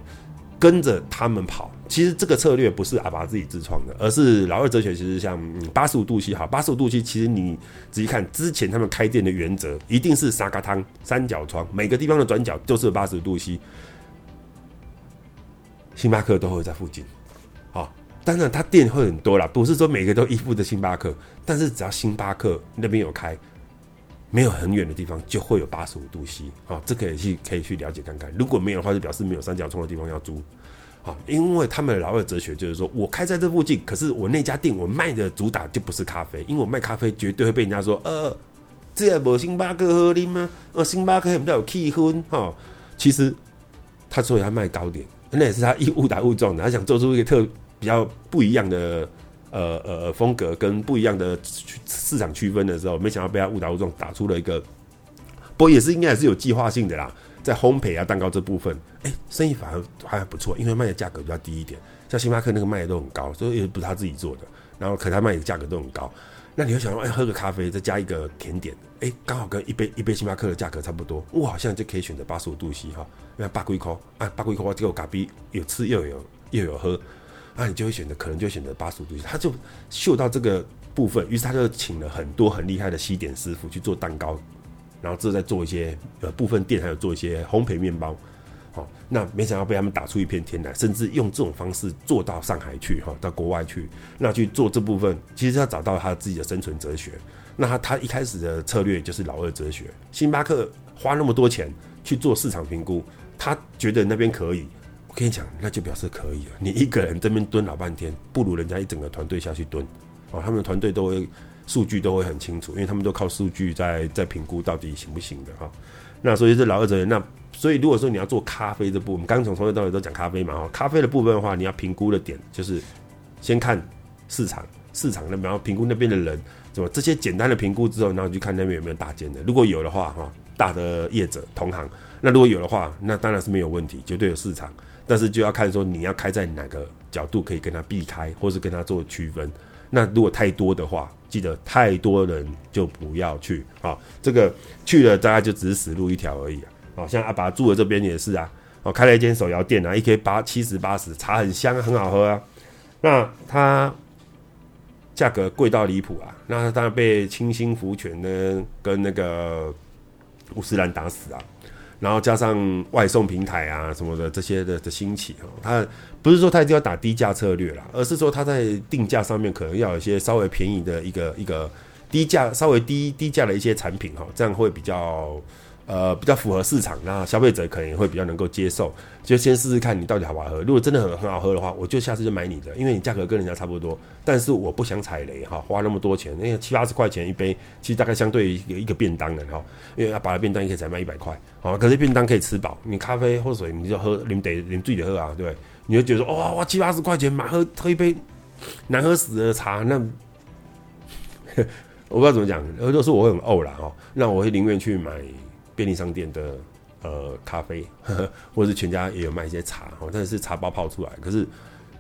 跟着他們跑。其實這個策略不是阿拔自己自創的，而是老二哲學。其實像85度 C 哈，85度 C，其實你仔細看之前他們開店的原則，一定是沙咖湯三角窗，每個地方的轉角就是85度 C，星巴克都會在附近。好，當然他店會很多啦。不是說每個都依附著星巴克，但是只要星巴克那邊有開，沒有很遠的地方就會有85度 C。好，這個也去可以去了解看看。如果沒有的話，就表示沒有三角窗的地方要租。啊，因為他們老的哲學就是說，我開在這附近，可是我那家店我賣的主打就不是咖啡，因為我賣咖啡絕對會被人家說，呃，這不星巴克喝的嗎？啊、呃，星巴克比較有氣氛哦。其實他所以他賣糕點，那也是他一誤打誤撞的，他想做出一個特比較不一樣的呃呃風格，跟不一樣的市場區分的時候，沒想到被他誤打誤撞打出了一個，不過也是應該也是有計劃性的啦。在烘焙啊，蛋糕這部分，哎，生意反而還不錯，因為賣的價格比較低一點。像星巴克那個賣的都很高，所以也不是他自己做的。然後可他賣的價格都很高，那你會想說，哎，喝個咖啡再加一個甜點，哎，剛好跟一杯一杯星巴克的價格差不多。哇，好像就可以選擇八十五度 C 哈，因為八規科，啊，八規科，我這個咖啡有吃又有又有喝，啊，你就會選擇，可能就選擇八十五度 C。他就嗅到這個部分，於是他就請了很多很厲害的西點師傅去做蛋糕。然後之後再做一些，呃，部分店還有做一些烘焙麵包，好、哦，那沒想到被他們打出一片天來，甚至用這種方式做到上海去哈、哦，到國外去，那去做這部分，其實他找到他自己的生存哲學。那他他一開始的策略就是老二哲學。星巴克花那麼多錢去做市場評估，他覺得那邊可以，我跟你講，那就表示可以了。你一個人這邊蹲老半天，不如人家一整個團隊下去蹲，哦，他們的團隊都會。數據都會很清楚，因為他們都靠數據在在評估到底行不行的哈、哦。那所以這老二責任。那所以如果說你要做咖啡這部分，我們剛剛從頭到尾都講咖啡嘛哈。咖啡的部分的話，你要評估的點就是先看市場，市場那邊然後評估那邊的人怎麼，這些簡單的評估之後，然後就看那邊有沒有大間的。如果有的話哈、哦，大的業者同行，那如果有的話，那當然是沒有問題，絕對有市場。但是就要看說你要開在哪個角度可以跟他避開，或是跟他做區分。那如果太多的話，記得太多人就不要去啊、哦！這個去了，大概就只是死路一條而已啊、哦！像阿爸住的這邊也是啊，哦，開了一間手搖店啊，一杯八七十八十，茶很香，很好喝啊。那他價格貴到離譜啊！那當然被清心福全呢跟那個五十嵐打死啊！然後加上外送平台啊什麼的這些的的興起啊，他。哦它不是說他一定要打低價策略啦，而是說他在定價上面可能要有一些稍微便宜的一個一個低價，稍微低低價的一些產品哈，這樣會比較呃比較符合市場，那消費者可能也會比較能夠接受。就先試試看你到底好不好喝。如果真的很很好喝的話，我就下次就買你的，因為你價格跟人家差不多，但是我不想踩雷哈，花那麼多錢，因為七八十塊錢一杯，其實大概相對於一個便當的哈，因為要把的便當也可以才賣一百塊啊，可是便當可以吃飽，你咖啡或水你就喝，你得你自己喝啊，對？你會覺得說、哦、哇哇七八十塊錢買喝喝一杯難喝死的茶，那 我不知道怎麼講，俄羅斯我會很偶然哦，那我會寧願去買便利商店的呃咖啡，呵呵或是全家也有賣一些茶哦，但是茶包泡出來，可是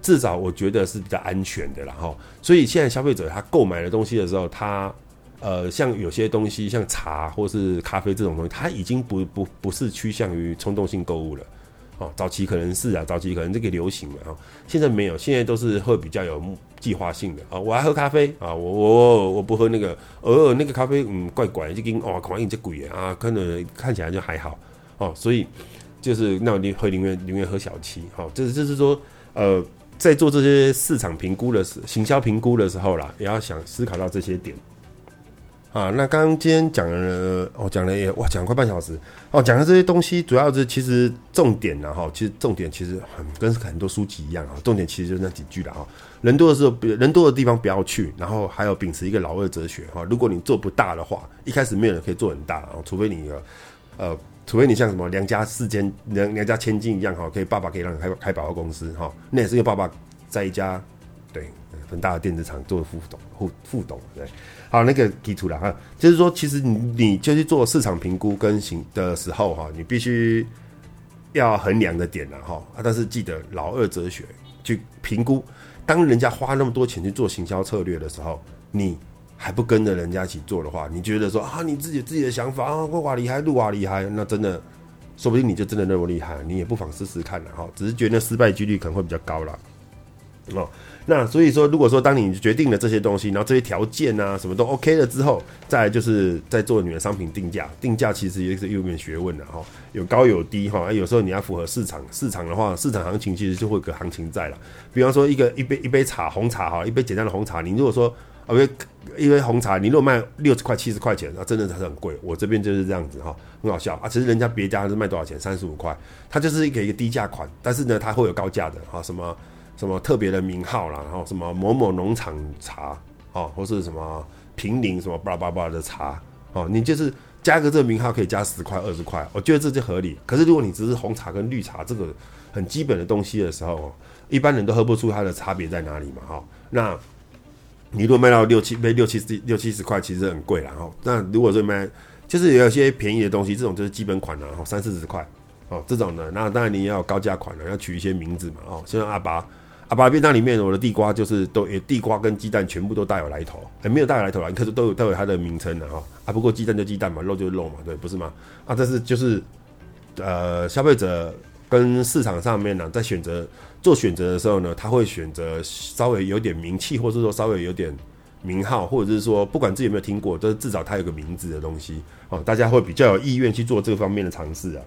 至少我覺得是比較安全的啦哈、哦。所以現在消費者他購買的東西的時候，他呃像有些東西像茶或是咖啡這種東西，他已經不不不是趨向於衝動性購物了。哦，早期可能是啊，早期可能這個流行了啊，現在沒有，現在都是會比較有計劃性的啊。我愛喝咖啡啊，我我我，我不喝那個，呃那個咖啡嗯怪怪的，就跟哦，狂飲這鬼啊，可能看起來就還好哦。所以就是那你會喝寧願寧願喝小七，哦，就是就是說呃，在做這些市場評估的時候，行銷評估的時候啦，也要想思考到這些點。啊，那剛剛今天講了，我、哦、講了也哇，講了快半小時哦。講的這些東西，主要是其實重點呢，哈，其實重點其實很、嗯、跟很多書籍一樣啊。重點其實就那幾句了啊。人多的時候，人多的地方不要去。然後還有秉持一個老二哲學啊、哦。如果你做不大的話，一開始沒有人可以做很大啊、哦，除非你呃，除非你像什麼梁家四千梁梁家千金一樣哈、哦，可以爸爸可以讓你開開百貨公司哈、哦，那也是個爸爸在一家對很大的電子廠做副董副副董對。好，那個基礎了哈，就是說，其實你就去做市場評估跟行的時候哈，你必須要衡量的點啦。哈，但是記得老二哲學去評估。當人家花那麼多錢去做行銷策略的時候，你還不跟着人家一起做的話，你覺得說啊，你自己自己的想法啊，我哇厲害，路哇厲害，那真的說不定你就真的那麼厲害，你也不妨試試看了哈，只是覺得那失敗幾率可能會比較高了哦。那所以說，如果說當你決定了這些東西，然後這些條件啊什麼都 OK 了之後，再來就是再做你的商品定價，定價其實也是有點學問的哈，有高有低哈，有時候你要符合市場市場的話，市場行情其實就會有個行情在了。比方說一個一杯一杯茶，紅茶哈，一杯簡單的紅茶，你如果說啊，一杯紅茶，你如果賣六十塊七十塊錢，那真的是很貴。我這邊就是這樣子哈，很好笑啊，其實人家別家是賣多少錢，三十五塊，它就是一個一個低價款，但是呢，它會有高價的哈，什麼？什麼特別的名號啦，然後什麼某某農場茶、喔、或是什麼平林什麼巴拉巴拉的茶哦、喔，你就是加一個這個名號可以加十塊二十塊，我覺得這就合理。可是如果你只是紅茶跟綠茶這個很基本的東西的時候，一般人都喝不出它的差別在哪裡嘛哈、喔。那你如果賣到六七杯六,六七十六七十塊，其實很貴了哈。那如果是賣就是有一些便宜的東西，這種就是基本款了，三四十塊哦這種的。那當然你也有高價款的，要取一些名字嘛哦、喔，像阿拔。阿拔、啊、便當裡面，我的地瓜就是都地瓜跟雞蛋全部都帶有來頭，哎、欸，沒有帶有來頭啊，可是都有都有它的名稱的哈。啊，不過雞蛋就雞蛋嘛，肉就肉嘛，對，不是嗎？啊，但是就是，呃，消費者跟市場上面呢、啊，在選擇做選擇的時候呢，他會選擇稍微有點名氣，或是說稍微有點名號，或者是說不管自己有沒有聽過，都、就是至少它有個名字的東西哦，大家會比較有意願去做這個方面的嘗試啊。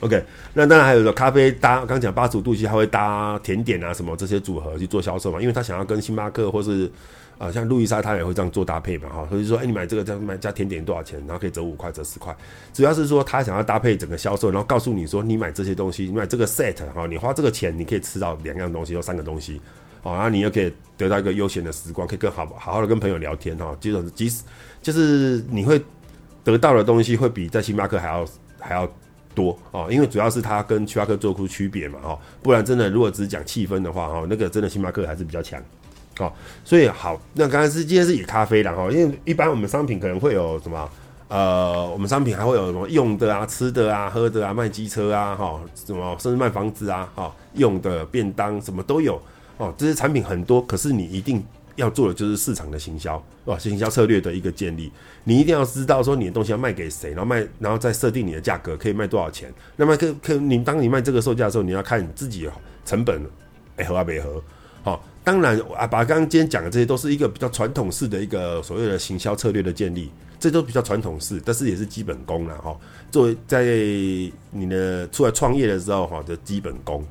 OK，那當然還有個咖啡搭，剛講85度 C 它會搭甜點啊什麼這些組合去做銷售嘛，因為他想要跟星巴克或是，呃，像路易莎他也會這樣做搭配嘛哈、哦，所以說哎、欸、你買這個加買加甜點多少錢，然後可以折五塊折十塊，主要是說他想要搭配整個銷售，然後告訴你說你買這些東西，你買這個 set 哈、哦，你花這個錢你可以吃到兩樣東西或三個東西，哦，然後你又可以得到一個悠閒的時光，可以更好好好的跟朋友聊天哈，就、哦、是即使就是你會得到的東西會比在星巴克還要還要。多哦，因為主要是它跟星巴克做出區別嘛，哈、哦，不然真的如果只講氣氛的話，哈、哦，那個真的星巴克還是比較強，哦，所以好，那剛才是今天是野咖啡啦。哈、哦，因為一般我們商品可能會有什麼，呃，我們商品還會有什麼用的啊、吃的啊、喝的啊、賣機車啊，哈、哦，什麼甚至賣房子啊，哈、哦，用的便當什麼都有，哦，這些產品很多，可是你一定。要做的就是市場的行銷，哇，行銷策略的一個建立，你一定要知道說你的東西要賣給誰，然後賣，然後再設定你的價格可以賣多少錢。那麼可可，你當你賣這個售價的時候，你要看你自己成本，哎合啊不合？好、哦，當然啊，把剛剛今天講的這些都是一個比較傳統式的一個所謂的行銷策略的建立，這都比較傳統式，但是也是基本功了哈。作、哦、為在你呢出來創業的時候哈，的、哦，基本功。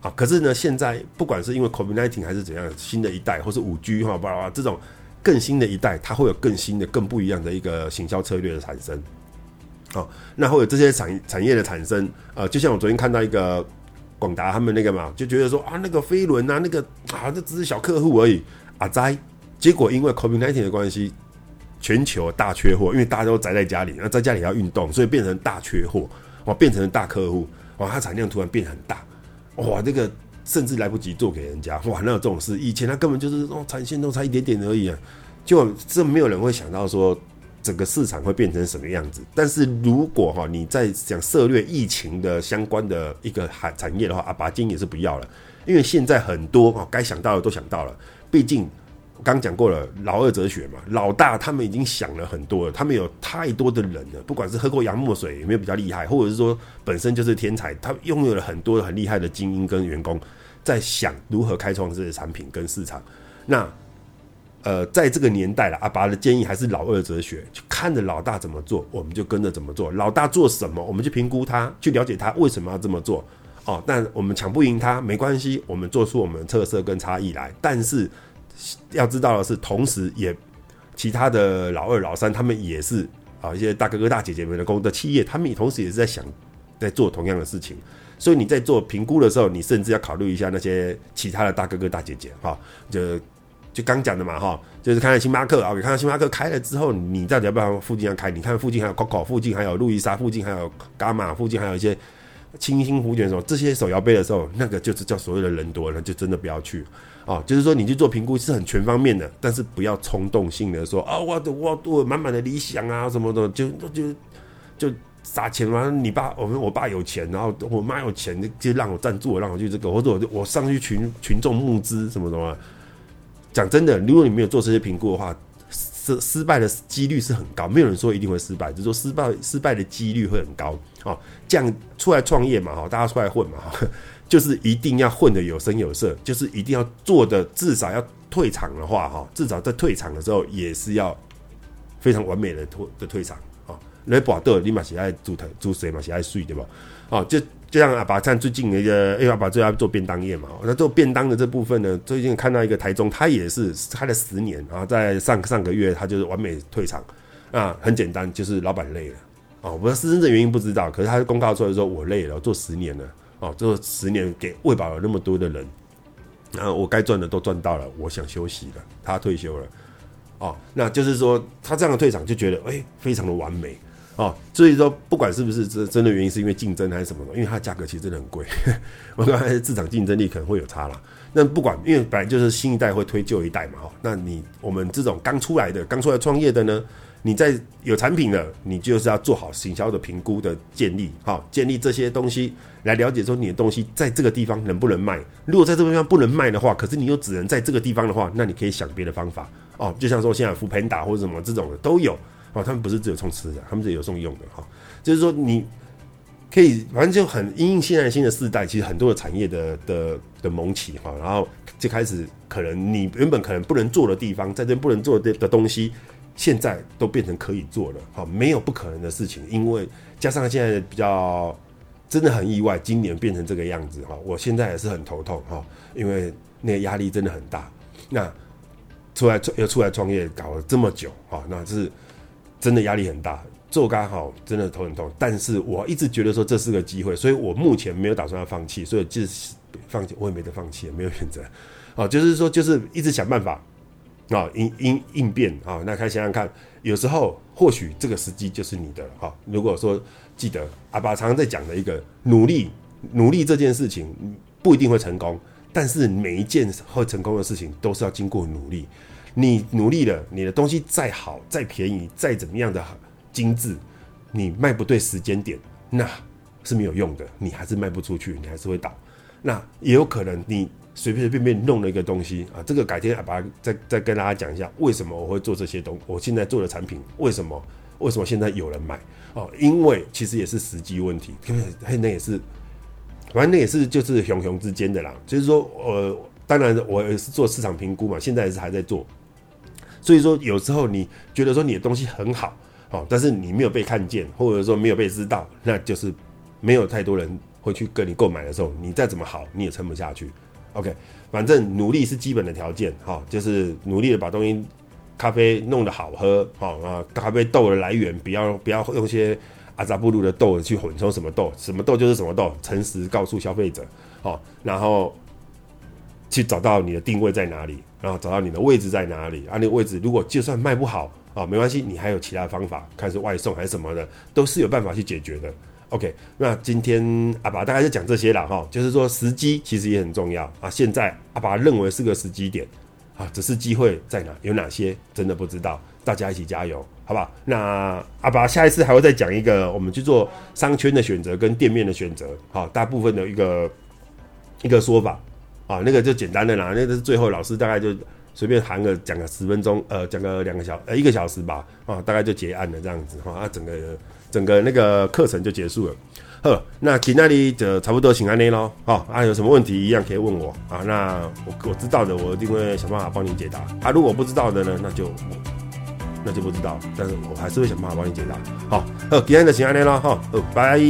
啊，可是呢，現在不管是因為 COVID-19 還是怎樣，新的一代或是 5G 哈吧啦這種更新的一代，它會有更新的、更不一樣的一個行銷策略的產生。好、哦，那會有這些產產業的產生。啊、呃，就像我昨天看到一個廣達他們那個嘛，就覺得說啊，那個飛輪啊，那個啊這只是小客戶而已啊，在結果因為 COVID-19 的關係，全球大缺貨，因為大家都宅在家裡，那、啊、在家裡要運動，所以變成大缺貨哦、啊，變成了大客戶哦、啊，它產量突然變得很大。哇，這個甚至來不及做給人家，哇，那這種事，以前他根本就是哦，產線都差一點點而已啊，就這沒有人會想到說整個市場會變成什麼樣子。但是如果哈、哦，你在想涉獵疫情的相關的一個產業的話，阿、啊、拔金也是不要了，因為現在很多哦該想到的都想到了，畢竟。剛講過了，老二哲學嘛，老大他們已經想了很多了，他們有太多的人了，不管是喝過洋墨水有沒有比較厲害，或者是說本身就是天才，他擁有了很多很厲害的精英跟員工，在想如何開創這些產品跟市場。那，呃，在這個年代了，阿拔的建議還是老二哲學，去看着老大怎麼做，我們就跟着怎麼做。老大做什麼，我們就評估他，去了解他為什麼要這麼做。哦，但我們搶不贏他沒關係，我們做出我們的特色跟差異來，但是。要知道的是，同時也，其他的老二、老三他們也是啊，一些大哥哥、大姐姐們的公的企業，他們也同時也是在想，在做同樣的事情。所以你在做評估的時候，你甚至要考慮一下那些其他的大哥哥、大姐姐。哈，就就剛講的嘛，哈，就是看星巴克，看星巴克啊，看看星巴克開了之後，你到底要不要附近要開？你看附近還有 COCO，附近還有路易莎，附近還有伽馬，附近還有一些清心福全說，這些手搖杯的時候，那個就是叫所有的人多，了，就真的不要去。哦，就是說你去做評估是很全方面的，但是不要衝動性的說啊、哦，我的我的我滿滿的理想啊什麼的，就就就，就撒錢嘛。然後你爸我們我爸有錢，然後我媽有錢，就就讓我贊助，我讓我去這個，或者我我上去群群眾募資什麼什麼。講真的，如果你沒有做這些評估的話。這失敗的幾率是很高，沒有人說一定會失敗，只是說失敗失敗的幾率會很高哦。這樣出來創業嘛，哈，大家出來混嘛，就是一定要混的有聲有色，就是一定要做的，至少要退場的話，哈、哦，至少在退場的時候也是要非常完美的退的退場啊。來把豆你馬喜愛煮台煮水嘛，喜愛睡對吧？哦，就就像阿拔像最近的一個，哎、欸、呀，把這家做便當業嘛，那、哦、做便當的這部分呢，最近看到一個台中，他也是開了十年，啊，在上上個月他就是完美退場，啊，很簡單，就是老闆累了，哦，不是真正原因不知道，可是他公告出來說我累了，我做十年了，哦，做十年給餵飽了那麼多的人，然、啊、後我該賺的都賺到了，我想休息了，他退休了，哦，那就是說他這樣的退場就覺得，哎、欸，非常的完美。哦，所以說不管是不是真真的原因，是因為競爭還是什麼，因為它價格其實真的很貴，我剛才市場競爭力可能會有差了。那不管，因為本來就是新一代會推舊一代嘛，哦，那你我們這種剛出來的、剛出來創業的呢，你在有產品的，你就是要做好行銷的評估的建立，好、哦，建立這些東西來了解說你的東西在這個地方能不能賣。如果在這個地方不能賣的話，可是你又只能在這個地方的話，那你可以想別的方法哦，就像說現在 foodpanda 或者什麼這種的都有。哦，他們不是只有送吃的，他們是有送用的哈。就是說，你可以反正就很因應現在新的時代，其實很多的產業的的的萌起哈，然後就開始可能你原本可能不能做的地方，在這不能做的東西，現在都變成可以做了哈。沒有不可能的事情，因為加上現在比較真的很意外，今年變成這個樣子哈。我現在也是很頭痛哈，因為那個壓力真的很大。那出來又出來創業搞了這麼久哈，那、就是。真的壓力很大，做剛好真的頭很痛。但是我一直覺得說這是個機會，所以我目前沒有打算要放棄，所以就是放棄我也沒得放棄，也沒有選擇。好、哦，就是說就是一直想辦法，啊、哦、應應應變啊、哦。那可以想想看，有時候或許這個時機就是你的了哈、哦。如果說，記得阿拔常常在講的一個努力，努力這件事情不一定會成功，但是每一件會成功的事情都是要經過努力。你努力了，你的東西再好，再便宜、再怎麼樣的精致，你賣不對時間點，那是沒有用的。你還是賣不出去，你還是會倒。那也有可能你隨隨便便弄了一個東西啊，這個改天阿拔再再跟大家講一下，為什麼我會做這些東西，我現在做的產品為什麼為什麼現在有人買哦、啊？因為其實也是時機問題，因為那也是反正那也是就是熊熊之間的啦。就是說，呃，當然我也是做市場評估嘛，現在也是還在做。所以說，有時候你覺得說你的東西很好，哦，但是你沒有被看見，或者說沒有被知道，那就是沒有太多人會去跟你購買的時候，你再怎麼好，你也撐不下去。OK，反正努力是基本的條件，哈，就是努力的把東西咖啡弄得好喝，哈啊，咖啡豆的來源不要不要用一些阿扎布魯的豆去混成什麼豆，什麼豆就是什麼豆，誠實告訴消費者，好，然後。去找到你的定位在哪裡，然、啊、後找到你的位置在哪裡。啊，那個位置如果就算賣不好啊，沒關係，你還有其他方法，看是外送還是什麼的，都是有辦法去解決的。OK，那今天阿爸大概就講這些了哈，就是說時機其實也很重要啊。現在阿爸認為是個時機點啊，只是機會在哪有哪些，真的不知道。大家一起加油，好不好？那阿爸下一次還會再講一個，我們去做商圈的選擇跟店面的選擇。好、啊，大部分的一個一個說法。啊，那個就簡單的啦，那個是最後老師大概就隨便談個講個十分鐘，呃，講個兩個小，呃，一個小時吧，啊，大概就結案了這樣子哈，啊，整個整個那個課程就結束了。呵，那今天就差不多請安內嘍，好，啊，有什麼問題一樣可以問我，啊，那我我知道的，我一定會想辦法幫你解答，啊，如果不知道的呢，那就那就不知道，但是我還是會想辦法幫你解答，好，呃，今天就先安內了，哈，呃，拜。